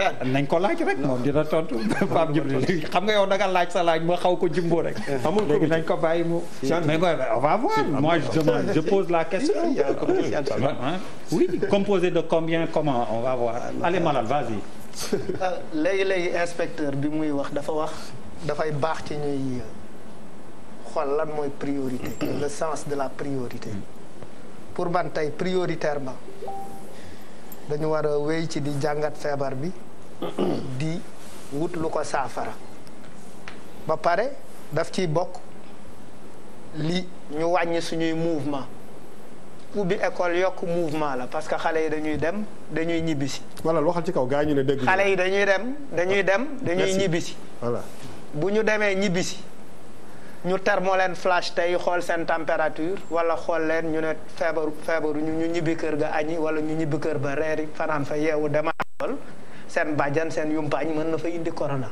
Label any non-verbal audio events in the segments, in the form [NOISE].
Eh, nañ ko laaj rek moom dina tontu [LAUGHS] Pape xam nga yow da laaj sa laaj ma xaw ko jumbo rek eh, amul nañ ko bàyyi mu mais on va voir moi je demande la question oui composé de combien comment on va voir ah, allez Malal [LAUGHS] euh, inspecteur bi muy wax dafa wax dafay baax ci ñuy euh, xool lan mooy priorité le sens de la priorité pour man tey prioritairement dañu war a wéy ci di jàngat feebar bi di wut lu ko saafara ba pare daf ciy bokk li ñu wàññi suñuy mouvement ubbi école yokk mouvement la parce que xale yi dañuy dem dañuy ñibbisi. voilà waxal ci kaw gaa ñu ne dégg. xale yi dañuy dem dañuy dem dañuy ñibbisi. voilà bu ñu demee ñibbisi ñu thermo leen flash tey xool seen température wala xool leen ñu ne feebaru feebaru ñu ñu ñibbi kër ga añi wala ñu ñibbi kër ba reeri fanaan fa yeewu demaat seen bàjjan seen yumpaañ mën na fa indi corona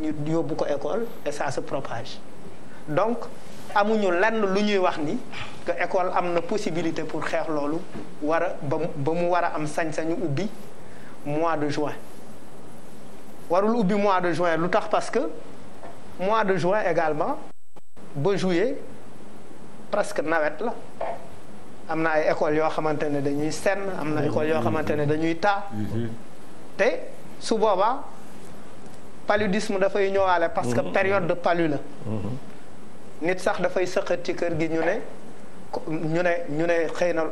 ñu yóbbu ko école et ça se propage donc amuñu lenn lu ñuy wax ni que école am na possibilité pour xeex loolu war a ba ba mu war a am sañ-sañu ubbi mois de juin warul ubbi mois de juin lu tax parce que mois de juin également ba juillet presque nawet la am na ay école yoo xamante ne dañuy senn am na école yoo xamante ne dañuy taa mm-hmm. te su boobaa paludisme dafay ñëwaale. parce que mhm. période de palu la. Mhm. nit sax dafay sëqat ci kër gi ñu ne ñu ne ñu ne xëy na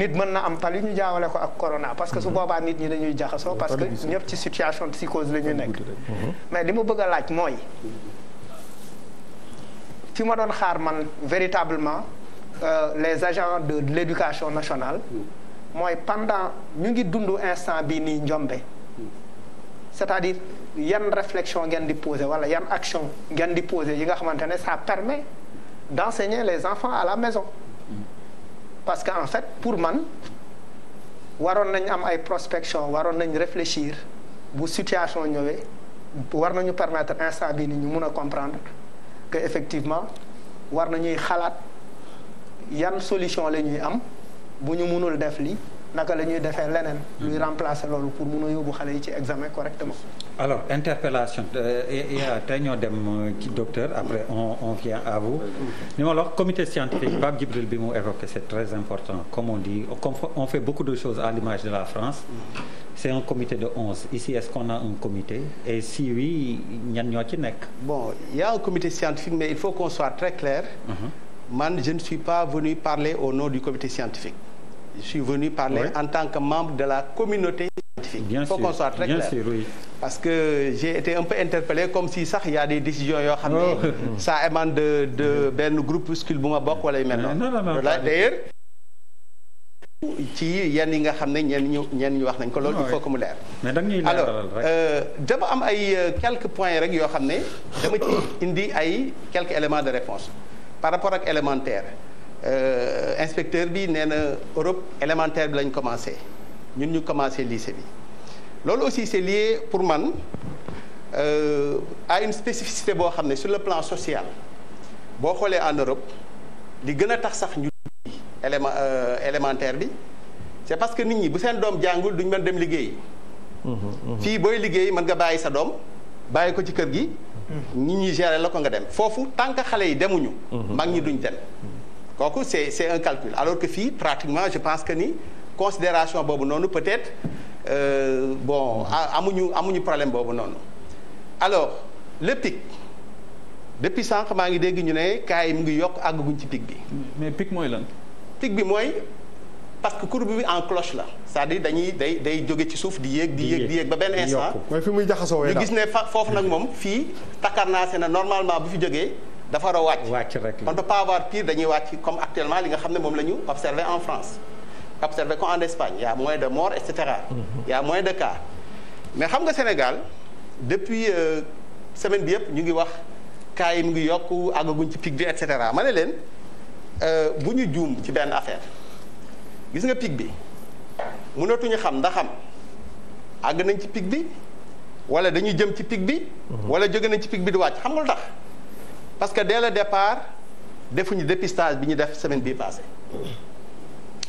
nit mën na am palu ñu jaawale ko ak corona parce que su mhm. boobaa nit ñi dañuy jaxasoo parce que ñëpp ci situation psychose la ñu nekk. mais li ma bëgg a laaj mooy fi ma doon xaar man véritablement euh, les agents de l'éducation nationale mooy pendant ñu ngi dund instant bii nii njombe c'est-à-dire yan réflexion ngeen di poser wala yan action ngeen di poser yi nga xamante ne ça permet d'enseigner les enfants à la maison parce que en fait pour man waroon nañ am ay prospection waroon nañ réfléchir bu situation ñëwee war nañu permettre instant bii ni ñu mun a comprendre que effectivement war nañuy xalaat yan solution la ñuy am bu ñu munul def lii naka la ñuy defee leneen. luy remplacer loolu pour mun a yóbbu xale yi ci examen correctement. alors interpellation euh, euh, tey ñoo dem euh, ci docteur après on on vient à vous. Mm-hmm. ni ma comité scientifique Pape Djibril bi mu évoqué c' est très important comme on dit on fait beaucoup de choses à l'image de la France. Mm-hmm. c'est un comité de onze ici est-ce qu'on a un comité et si oui ñan ñoo ci nekk. bon il comité scientifique mais il faut qu'on soit très clair. Mm-hmm. man mm -hmm. je ne suis pas venu parler au nom du comité je suis venu parler en tant que membre de la communauté scientifique. Bien il faut qu'on soit très bien parce que j'ai été un peu interpellé comme si sax y a des décisions yoo xam ne sa oh. émane de de benn groupuscule bu ma bokk wala yu mel noonu d'ailleurs ci yenn yi nga xam ne ñenn ñu ñenn ñu wax nañ ko loolu il faut que mu leer alors euh, dama am ay euh, quelques points rek yoo xam ne dama ci indi ay quelques éléments de réponse par rapport ak élémentaire Euh, inspecteur bi nee na Europe élémentaire bi lañ commencé ñun ñu commencé lycée bi loolu aussi c'est lié pour man euh, à une spécificité boo xam ne sur le plan social boo xoolee en Europe li gën a tax sax ñu élément euh, élémentaire bi c'est parce que nit ñi bu seen doom jàngul duñ man dem liggéey. Mm-hmm, mm-hmm. fii booy liggéey mën nga bàyyi sa doom bàyyi ko ci kër gi. Mm-hmm. nit ñuy gérer la ko nga dem foofu tant que xale yi demuñu. mag ñi duñ dem. kooku c'est c'est un calcul alors que fii pratiquement je pense que ni considération boobu noonu peut-être euh, bon amuñu amuñu problème boobu noonu alors lépp pic depuis sànq maa ngi dégg ñu ne cas yi mu ngi yokk àgguñ ci pic bi. mais pic mooy lan. pic bi mooy parce que courbe bi en cloche la cest à dañuy day day jóge ci suuf di yéeg di yéeg ba benn instant. mooy fi muy jaxasoo ñu gis ne fa foofu nag moom fii takkarnaase na normalement bu fi jógee. dafa wàcc wàcc rek on ne peut pas avoir comme actuellement li nga xam ne moom la ñu observé en France observé ko en Espagne il y a moins de morts et cetera. il mhm. a moins de cas mais xam nga Sénégal depuis euh, semaine bi yëpp ñu ngi wax cas yi mu ngi yokk àggaguñ ci pic bi et cetera ma ne leen euh, bu ñu juum ci benn affaire gis nga pic bi mënatuñu xam ndax xam àgg nañ ci pic bi wala dañuy jëm ci pic bi. Mhm. wala jóge nañ ci pic bi di wàcc xam nga lu tax. parce que dès le départ defuñu dépistage bi ñu def semaine bii passée.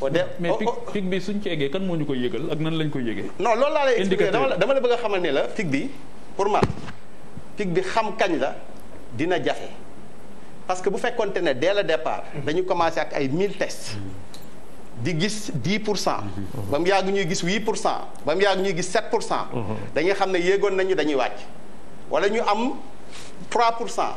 au oh, dé mais oh, pic oh. pic bi suñ ci eggee kan moo ñu koy yëgal ak nan lañ koy yëgee. non loolu laa lay expliqué dama la dama la bëgg a xamal ne la pic bi pour man pic bi xam kañ la dina jafe parce que bu fekkonte ne dès le départ. Mm-hmm. dañu commencé ak ay 1000 tests. Mm-hmm. di gis 10 mm-hmm. pour cent. ba mu yàgg ñuy gis 8 pour cent. ba mu yàgg ñuy gis 7 pour cent. dañuy xam ne yéegoon nañu dañuy wàcc. wala ñu am 3 pour cent.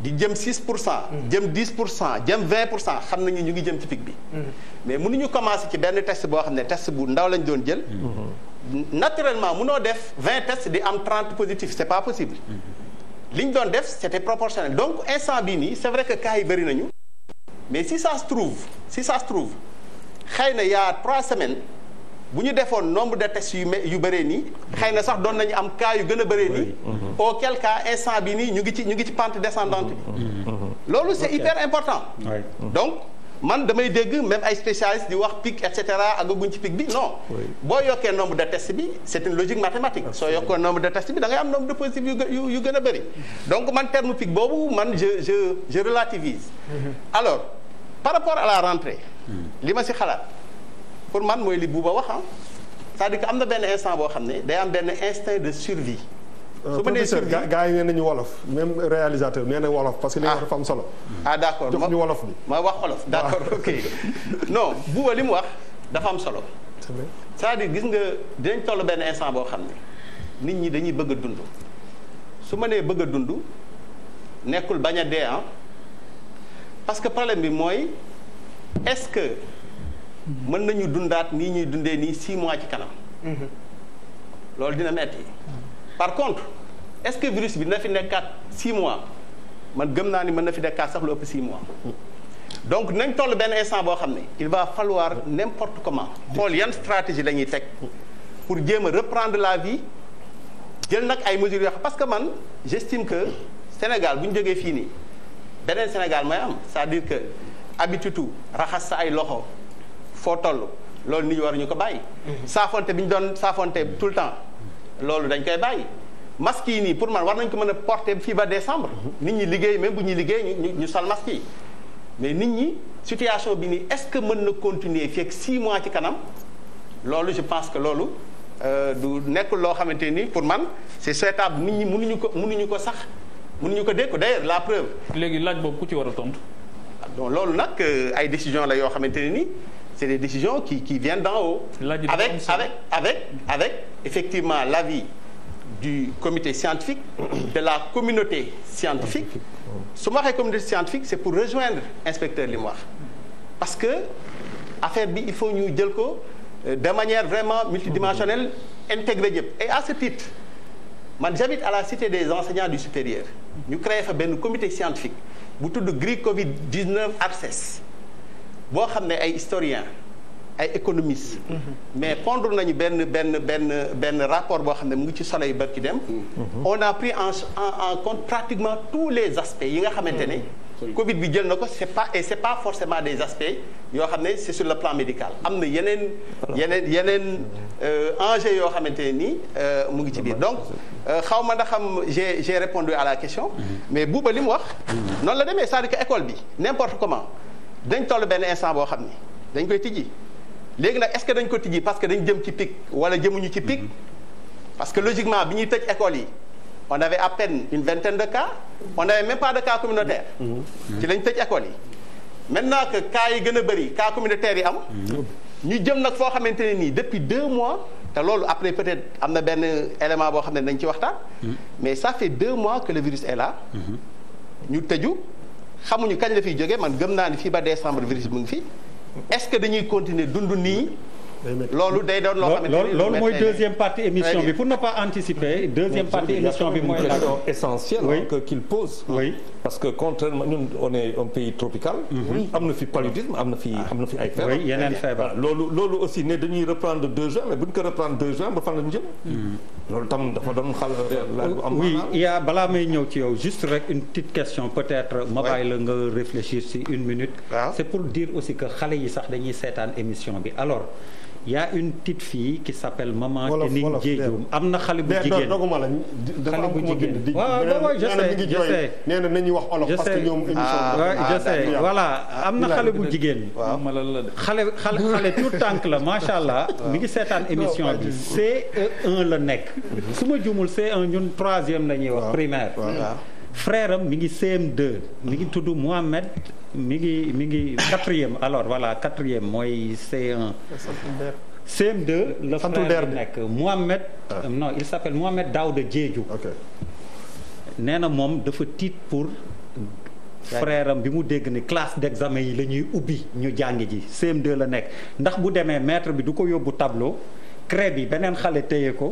di jëm 6 pour cent. Mm-hmm. jëm 10 pour cent jëm vingt pour cent xam nañu ñu ngi jëm ci pic bi. Mm-hmm. mais ñu commencé ci benn test boo xam ne test bu ndaw lañ doon jël. Mm-hmm. naturellement mënoo def 20 tests di am 30 positifs c'est pas possible. li ñu doon def c'était proportionnel donc instant bii nii c'est vrai que cas yi bëri nañu. mais si ça se trouve si ça se trouve xëy na y a 3 semaines. bu ñu defoon nombre de test yu yu bëree nii xëy na sax doon nañu am cas yu gën a bëree nii mm-hmm. auquel cas instant bi nii ñu ngi ci ñu ngi ci pente descendante bi mm-hmm. loolu c'est hyper important donc man damay dégg même ay spécialistes di wax pic et cetera àggaguñ ci pic bi non boo yokkee nombre de tests bi c'est une logique mathématique soo yokkoo nombre de tests bi da ngay am nombre de positifs yu gën a bëri donc man terme pic boobu man je je je relativise mm-hmm. alors par rapport à la mm. li ma si xalaat pour man mooy li buuba wax ah c'est-à-dire que am na benn instant boo xam ne day am benn instinct de survie euh, su ma nee survie gars yi nee nañu wolof même réalisateur nee na wolof parce que li nga ah. am solo. ah d' accord jox ñu wolof bi ma wax wolof ah. d' accord ok [LAUGHS] non buuba li mu wax dafa am solo. cest dire gis nga dinañ toll benn instant boo xam ne nit ñi dañuy bëgg a dund su ma nee bëgg a dund nekkul bañ a dee ah parce que problème bi mooy est-ce que. mën nañu dundaat nii ñuy dundee nii six mois ci kanam. loolu dina metti par contre est-ce que virus bi na fi nekkaat six mois man gëm naa ni mën na fi nekkaat sax lu ëpp six mois. donc nañ toll benn instant boo xam ne il va falloir n'importe comment xool yan stratégie la ñuy teg pour jéem a reprendre la vie jël nag ay mesures yoo xam parce que man j'estime que Sénégal bu ñu jógee fii nii beneen Sénégal mooy am cest dire que habitude raxas sa ay loxo foo toll loolu nit ñi waruñu ko bàyyi. Mhm. saafonte bi ñu doon saafonte tout le temps loolu dañ koy bàyyi. masque yi nii pour man war nañ ko mën a porter fii ba décembre. Mhm. nit ñi liggéey mais bu ñuy liggéey ñu ñu sol masque yi mais nit ñi situation bi nii est-ce que mën na continuer fii ak 6 mois ci kanam loolu je pense que loolu euh, du nekkul loo xamante ni pour man c'est souhaitable nit ñi mënuñu ko mënuñu ko sax munuñu ko dékku d'ailleurs la preuve. léegi lañ boobu ku ci war a tontu. Ah, donc loolu nag euh, ay décision la yoo xamante ne nii. c'est des décisions qui, qui viennent d'en haut. Avec, avec, avec, avec effectivement l'avis du comité scientifique, de la communauté scientifique. su ma waxee communauté scientifique c'est pour rejoindre inspecteur li mu wax parce que affaire bi il faut ñu jël ko euh, de manière vraiment multidimensionnelle intégrée yëpp. et à ce titre man j'habite à la cité des enseignants du supérieur ñu créé fa benn comité scientifique bu tudd gri Covid 19 ARCES. boo xam ne ay historien ay économiste mm-hmm. mm-hmm. mais pondre nañu benn benn benn benn rapport boo xam ne mu ngi ci soleil ba ci dem mm-hmm. on a pris en en compte pratiquement tous les aspects yi nga xamante ne covid bi jël na ko c'est pas et c'est pas forcément des aspects yoo xam ne c'est su le plan médical am na yeneen yeneen yeneen euh, enjeux yoo xamante ne nii euh, mu ngi ci biir donc euh, xaw ma ndax xam j'ai j'ai répondu à la question mais buuba li mu wax noonu la demee cest à école bi n'importe comment dañ toll benn instant boo xam ni dañ koy tijji léegi nag est-ce que dañ ko tijji parce que dañ jëm ci pic wala jëmuñu ci pic mm-hmm. parce que logiquement bi ñuy tëj école yi on avait à peine une vingtaine de cas on avait même de communautaire mm-hmm. ci lañ tëj école yi maintenant que cas yi gën a bëri cas communautaire yi am mm-hmm. ñu jëm nag foo xamante ne nii depuis deux mois te loolu après peut-être am na benn élément boo xam ne dañ ci waxtaan mais ça fait deux mois que le virus est là ñu tëju xamuñu kañ la fiy jógee man gëm naa ni fii ba décembre virus bu ngi fi est-ce que dañuy continuer dund nii loolu day doon loo xamante loolu mooy deuxième partie émission bi pour ne pas anticiper deuxième partie émission bi mooy la question essentielle que qu'il pose parce que contrairement ñun on est un pays tropical mhm. am na fi paludisme am na fi ah. am na fi ay yeneen feebar loolu loolu aussi ne dañuy reprendre deux juin mais bu ñu ko reprendre deux juin fan la ñu jëm mhm. loolu tam dafa doon xal euh, am oui yaa balaa may ñëw ci yow juste rek une petite question peut-être ma bàyyi la nga réfléchir si une minute ah. c'est pour dire aussi xale yi sax dañuy seetaan émission bi alors y a une petite fille qui s'appelle maman Tening Diedhiou am na xale bu jigéen doguma la xale bu jigéen waaw waaw je sais je sais nee na nañu wax olof parce que ñoom émission ah, je sais voilà am na xale bu jigéen xale xale xale tout tànk la macha allah mi ngi seetaan émission bi ce la nekk su ma jumul CE1 ñun troisième la ñuy wax primaire frère mi ngi CM2 mi ngi tudd Mohamed mi ngi mi ngi quatrième alors voilà quatrième mooy C1. la frère bi nekk Mohamed ah. non il s'appelle Mohamed Daouda Diédhiou nee na moom dafa tiit pour frère bi mu dégg ni classe d'examen yi la ñuy ubbi ñu jàng ji cm la nekk ndax bu demee maître bi du ko yóbbu tableau crédit beneen xale téye ko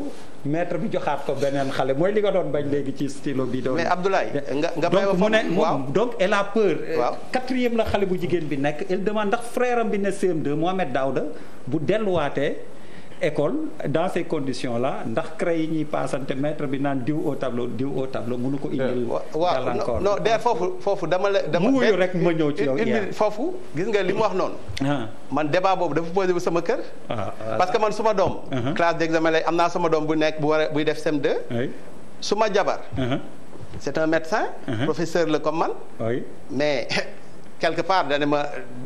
maître bi joxaat ko beneen xale mooy li nga doon bañ léegi ci stylo bi doon mais Abdoulaye nga nga donc mu ne moom donc elle a peur quatrième la xale bu jigéen bi nekk elle demande ndax frère bi ne CM2 Mohamed da bu delluwaatee école dans ces condition la ndax craie yi ñuy paasante maître bi naan diw au tableau diw au tableau ko euh, indil. gàllankoor non non foofu foofu dama la. mu wuyu rek ma ñëw ci yow. foofu gis nga li mu wax noonu. Ah. man débat boobu dafa posé bu sama kër. Ah, ah. parce que man suma doom. Uh-huh. classe d'examen lay am naa sama doom bu nekk bu war buy def CM2. suma jabar. Uh-huh. c'est un médecin. Uh-huh. professeur la comme man. mais [LAUGHS] quelque part dana ma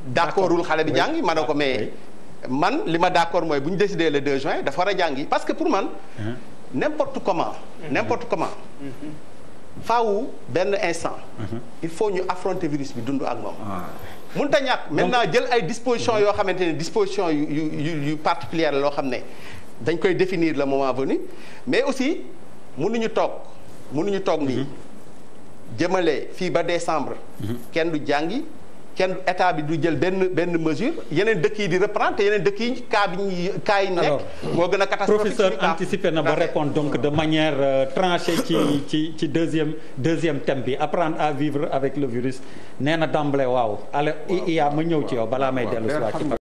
d'accordul xale bi jàng ma ne ko mais. man li ma d'accord mooy bu ñu décidé le deux juin dafa war a jàngi parce que pour man. Uh-huh. n'importe comment. Uh-huh. n'importe comment. Uh-huh. faaw benn instant. il faut ñu affronter virus bi dund ak moom. Ah. mënut a ñàkk maintenant jël ay dispositions yoo xamante ne dispositions yu yu yu particulières loo xam ne dañ koy définir le moment venu mais aussi mënuñu toog mënuñu toog nii. jëmale fii ba décembre. kenn du jàngi. kenn état bi du jël benn benn mesure yeneen dëkk yi di reprendre te yeneen dëkk yi cas bi ñuy cas yi nekk. moo gën a catastrophique professeur anticipé na ba répondre donc de manière euh, tranchée ci ci ci deuxième deuxième thème bi apprendre à vivre avec le virus nee na d'emblée waaw. alors il y a ma ñëw ci yow balaa may dellu ci waat